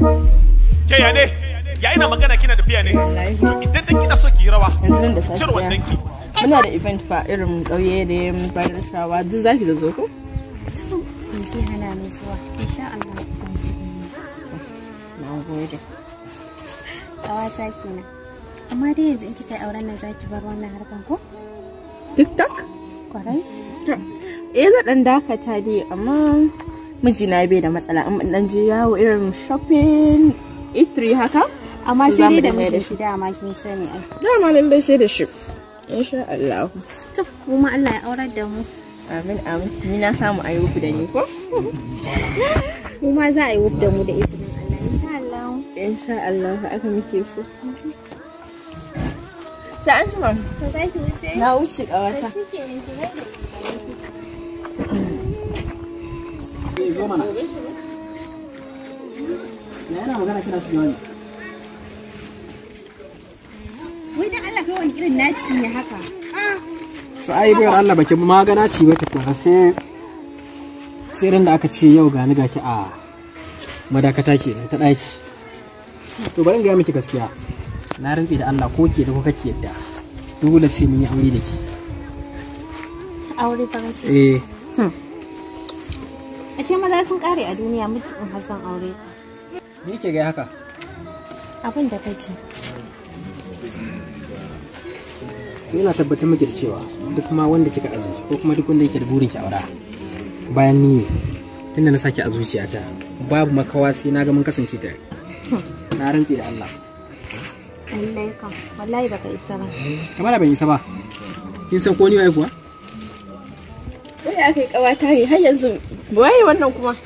ke ya ne ya ina magana kina da tafiya ne idan da kina so ki rawa cire wannan ki muna da event fa irin kauye ne bayan shawa duk zaki zo ko to sai hana ni zuwa insha Allah zan na gode kawata kenan amma dai yanzu in kika auren nan zaki bar wannan harkan ko tiktok kwarai eh zan dan dakata dai amma mijina bai da matsala in dan je yawo irin shopping e3 haka amma sai dai da mijin shi dama kin sani ai dama lallai sai da shi insha Allah to kuma Allah ya aurar da mu amin amin ni na samu ayi da ni ko kuma za a yi da mu da izinin Allah insha Allah insha Allah aka muke so sai an jima to sai ki wuce na wuce kawata ya zo mana yana Allah ne baki magana ba sai da aka ce yau ga ni gaki a madakata kenan ta daki to bari in ga miki gaskiya na rantsi da Allah ko ke da ko yadda dole sai mun yi da ke ashe maza sun kare a duniya mutum hassan aure me yake ga haka abin da kace ce to ina tabbatar miki da cewa duk ma wanda kika aji ko kuma duk wanda yake da burin ki aura bayan ni ne tunda na saki a zuciyata babu makawa sai na ga mun kasance tare na rantsi da Allah lallai ka wallahi baka isa ba kamar ban isa ba kin san ko ni wai kuwa sai ake yi kawata har yanzu waye wannan kuma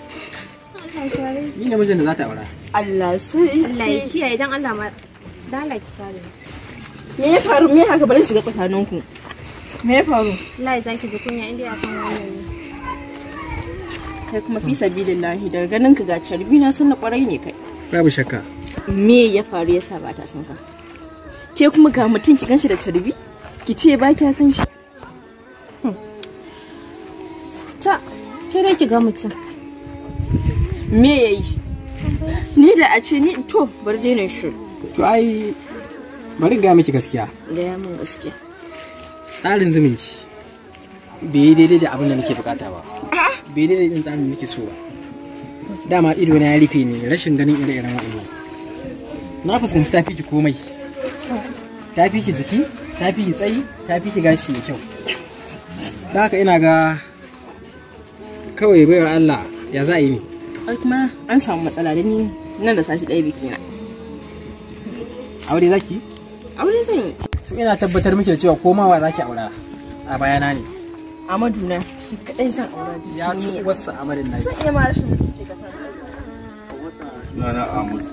ni ne mijin da za ta aura Allah sai Allah ya kiyaye dan Allah ma dala ki fara me ya faru me haka bari shiga tsakaninku me ya faru Allah ya zaki ji kunya inda ya kan wannan kai kuma fi sabilillahi daga ganin ka ga carbi na sun na kwarai ne kai babu shakka me ya faru yasa ba ta san ka ke kuma ga mutum ki ganshi da carbi ki ce ba kya san shi ke ki ga mutum me yayi ni da a ce ni to bar je ne shi to ai bari ga miki gaskiya gaya min gaskiya tsarin zumunci bai yi daidai da abin da nake bukata ba bai daidai da tsarin nake so ba dama ido na ya rufe ni rashin ganin ire-iren wa'annan na fuskanci tafi ki komai ta fi ki jiki tafi ki tsayi tafi ki gashi mai kyau da haka ina ga kawai bayar Allah ya za a yi ne ai kuma an samu matsala da ni nan da sashi ɗaya biki na aure zaki aure zan yi to ina tabbatar miki da cewa komawa zaki aura a bayana ne Amadu na shi kadai zan aura biyu ya ci wasu amarin na zan iya ma rashin mutunci da kansa na na Amadu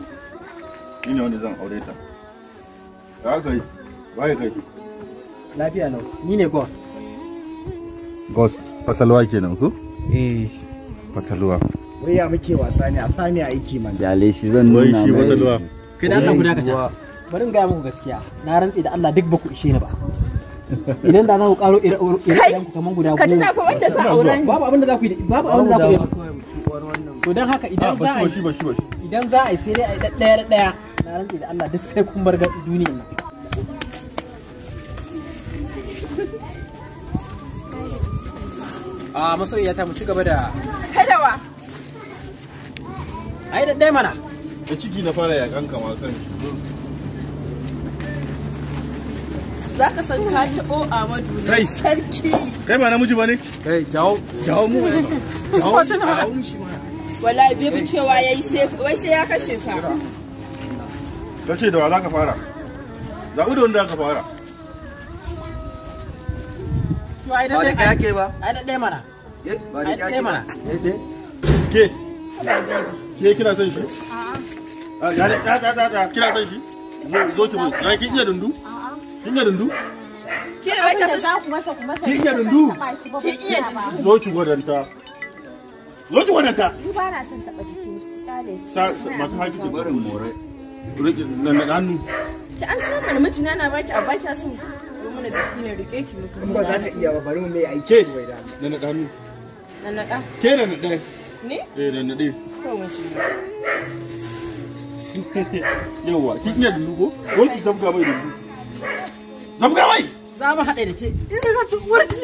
ni ne wanda zan aure ta ya kai bai kai lafiya lau ni ne gos gos fatalwa kenan ku eh fatalwa wai ya muke wasa ne a sami a aiki man jale shi zan nuna mai shi fatalwa kai da Allah guda ka ta bari in ga muku gaskiya na rantsi da Allah duk ba ku ishe ni ba idan da za ku karo ira ira ku kaman guda goma kaji na fa wanda sa auren babu abin da za ku yi babu abin da za ku yi to dan haka idan ah, za a yi idan za a yi sai dai a yi ɗaya daya na rantsi da Allah duk sai kun bar duniyar nan a masoyiya ta mu ci gaba da kadawa ai da dai mana da ciki na fara yakan kama kan za ka san ka taɓo Amadu na sarki. Kai ba namiji ba ne? Kai jawo jawo mu ne. Jawo jawo mu shi ma. Wallahi bai cewa yayi sai wai sai ya kashe ka. Kace da wa za ka fara? Zaɓi da wanda za ka fara. to ai da kai ke ba ai da mana ke ba da kai mana ke ke kina son shi a'a ah, ya da ta ta ta kina son shi zo ki mun ran kin iya dundu kin iya dundu ki da wata za ku masa ku masa ki iya dundu ki iya dundu zo ki gwadanta zo ki gwadanta ni ba na son taba jiki sa maka haji ki barin more rike nan da hannu ki an san mana mijina na baki a baki sun mana jiki ne rike ki mutum. In ba za ta iya ba bari mu mai aike ni wai da. Na naɗa hannu. Na naɗa. Ke da naɗa. Ni? Eh da naɗe. Kawai shi. kin iya dulu ko? ki zabga mai dulu. Zabga mai. Za mu haɗe da ke. Ina za ci uwar ki